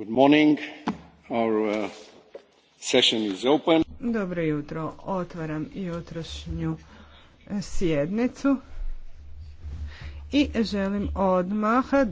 Uh, Dobro jutro. Otvaram jutrošnju e, sjednicu i želim odmah da